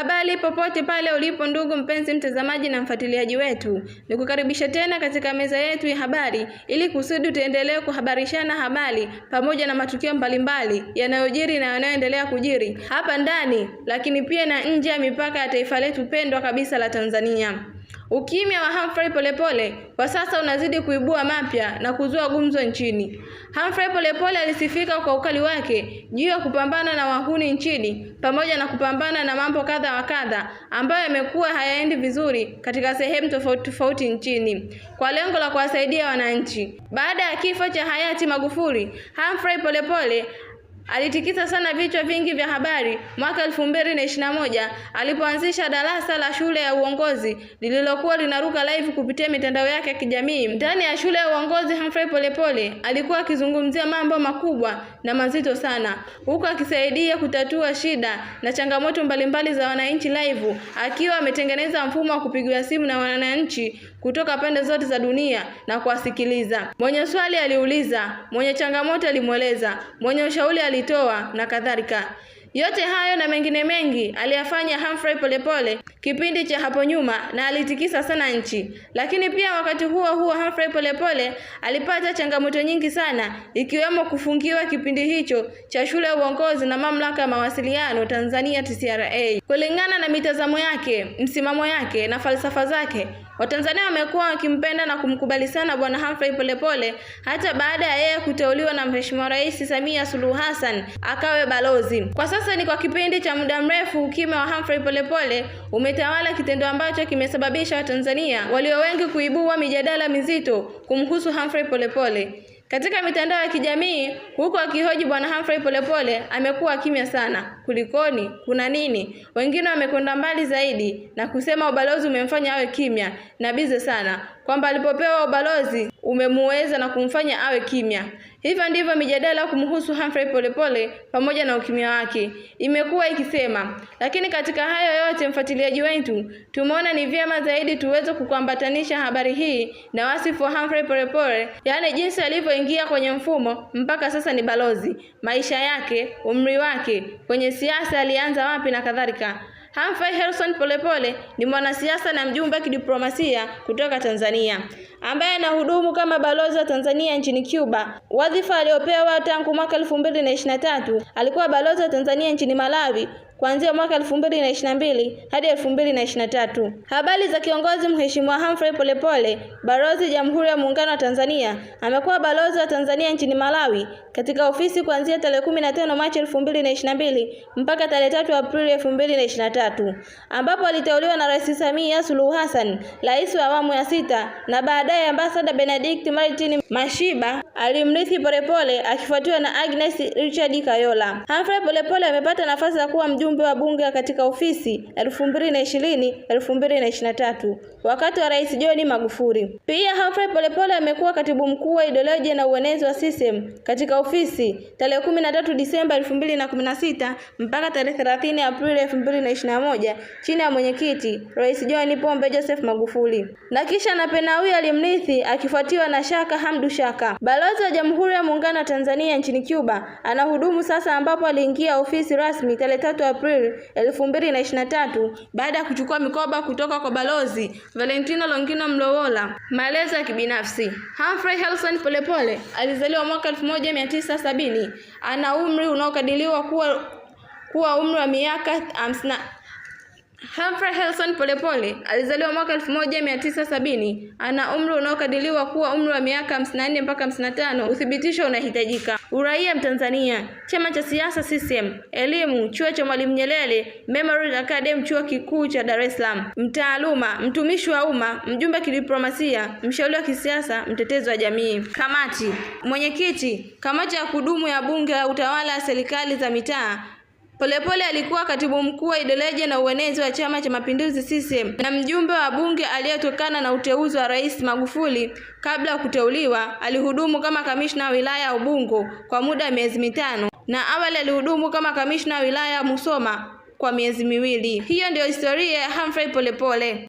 Habari popote pale ulipo ndugu mpenzi mtazamaji na mfuatiliaji wetu, nikukaribisha tena katika meza yetu ya habari ili kusudi tuendelee kuhabarishana habari pamoja na matukio mbalimbali yanayojiri na yanayoendelea kujiri hapa ndani, lakini pia na nje ya mipaka ya taifa letu pendwa kabisa la Tanzania. Ukimya wa Humphrey Polepole kwa sasa unazidi kuibua mapya na kuzua gumzo nchini. Humphrey Polepole alisifika kwa ukali wake juu ya kupambana na wahuni nchini pamoja na kupambana na mambo kadha wa kadha ambayo yamekuwa hayaendi vizuri katika sehemu tofauti tofauti nchini kwa lengo la kuwasaidia wananchi. Baada ya kifo cha hayati Magufuli, Humphrey Polepole Alitikisa sana vichwa vingi vya habari mwaka elfu mbili na ishirini na moja alipoanzisha darasa la shule ya uongozi lililokuwa linaruka live kupitia mitandao yake ya kijamii. Ndani ya shule ya uongozi, Humphrey Polepole alikuwa akizungumzia mambo makubwa na mazito sana, huku akisaidia kutatua shida na changamoto mbalimbali za wananchi live, akiwa ametengeneza mfumo wa kupigiwa simu na wananchi kutoka pande zote za dunia na kuwasikiliza. Mwenye swali aliuliza, mwenye changamoto alimweleza, mwenye ushauri ali alitoa na kadhalika. Yote hayo na mengine mengi aliyafanya Humphrey Polepole kipindi cha hapo nyuma na alitikisa sana nchi. Lakini pia wakati huo huo Humphrey Polepole alipata changamoto nyingi sana ikiwemo kufungiwa kipindi hicho cha shule ya uongozi na mamlaka ya mawasiliano Tanzania TCRA kulingana na mitazamo yake, msimamo yake na falsafa zake. Watanzania wamekuwa wakimpenda na kumkubali sana Bwana Humphrey Polepole hata baada ya yeye kuteuliwa na Mheshimiwa Rais Samia Suluhu Hassan akawe balozi. Kwa sasa ni kwa kipindi cha muda mrefu ukime wa Humphrey Polepole umetawala, kitendo ambacho kimesababisha Watanzania walio wengi kuibua mijadala mizito kumhusu Humphrey Polepole. Katika mitandao ya kijamii huko akihoji bwana Humphrey Polepole amekuwa kimya sana. Kulikoni? Kuna nini? Wengine wamekwenda mbali zaidi na kusema ubalozi umemfanya awe kimya na bize sana, kwamba alipopewa ubalozi umemuweza na kumfanya awe kimya. Hivyo ndivyo mijadala kumhusu Humphrey Polepole pamoja na ukimya wake imekuwa ikisema. Lakini katika hayo yote, mfuatiliaji wetu, tumeona ni vyema zaidi tuweze kukuambatanisha habari hii na wasifu wa Humphrey Polepole, yaani jinsi alivyoingia kwenye mfumo mpaka sasa ni balozi, maisha yake, umri wake, kwenye siasa alianza wapi na kadhalika. Humphrey Harrison Polepole ni mwanasiasa na mjumbe wa kidiplomasia kutoka Tanzania ambaye anahudumu kama balozi wa Tanzania nchini Cuba. Wadhifa aliopewa tangu mwaka 2023 alikuwa balozi wa Tanzania nchini Malawi kuanzia mwaka 2022 hadi 2023. Habari za kiongozi Mheshimiwa Humphrey Polepole, balozi Jamhuri ya Muungano wa Tanzania, amekuwa balozi wa Tanzania nchini Malawi katika ofisi kuanzia tarehe 15 Machi 2022 mpaka tarehe 3 Aprili 2023, ambapo aliteuliwa na Rais Samia Suluhu Hassan, rais wa awamu ya sita, na baadaye ambasada Benedict Martin Mashiba alimrithi Polepole akifuatiwa na Agnes Richard Kayola. Humphrey Polepole amepata nafasi ya kuwa mjumbe ujumbe wa bunge katika ofisi 2020 2023 wakati wa Rais John Magufuli. Pia Humphrey Polepole amekuwa katibu mkuu wa ideolojia na uenezi wa CCM katika ofisi tarehe 13 Disemba 2016 mpaka tarehe 30 Aprili 2021 chini ya mwenyekiti Rais John Pombe Joseph Magufuli, na kisha na Penawi alimrithi akifuatiwa na Shaka Hamdu Shaka. Balozi wa Jamhuri ya Muungano wa Tanzania nchini Cuba anahudumu sasa, ambapo aliingia ofisi rasmi tarehe 3 Aprili 2023 baada ya kuchukua mikoba kutoka kwa Balozi Valentino Longino Mlowola. Maelezo ya kibinafsi. Humphrey Helson Polepole alizaliwa mwaka 1970. Ana umri unaokadiriwa kuwa kuwa umri wa miaka hamsini Humphrey Helson Polepole alizaliwa mwaka 1970. Ana umri unaokadiriwa kuwa umri wa miaka 54 mpaka 55. Uthibitisho unahitajika. Uraia Mtanzania. Chama cha siasa CCM. Elimu chuo cha Mwalimu Nyerere Memorial Academy chuo kikuu cha Dar es Salaam. Mtaaluma mtumishi wa umma, mjumbe wa kidiplomasia, mshauri wa kisiasa, mtetezi wa jamii. Kamati. Mwenyekiti kamati ya kudumu ya bunge la utawala wa serikali za mitaa Polepole alikuwa katibu mkuu wa idileje na uenezi wa Chama cha Mapinduzi CCM na mjumbe wa bunge aliyetokana na uteuzi wa Rais Magufuli. Kabla ya kuteuliwa, alihudumu kama kamishna wa wilaya ya Ubungo kwa muda wa miezi mitano na awali alihudumu kama kamishna wa wilaya ya Musoma kwa miezi miwili. Hiyo ndiyo historia ya Humphrey Polepole.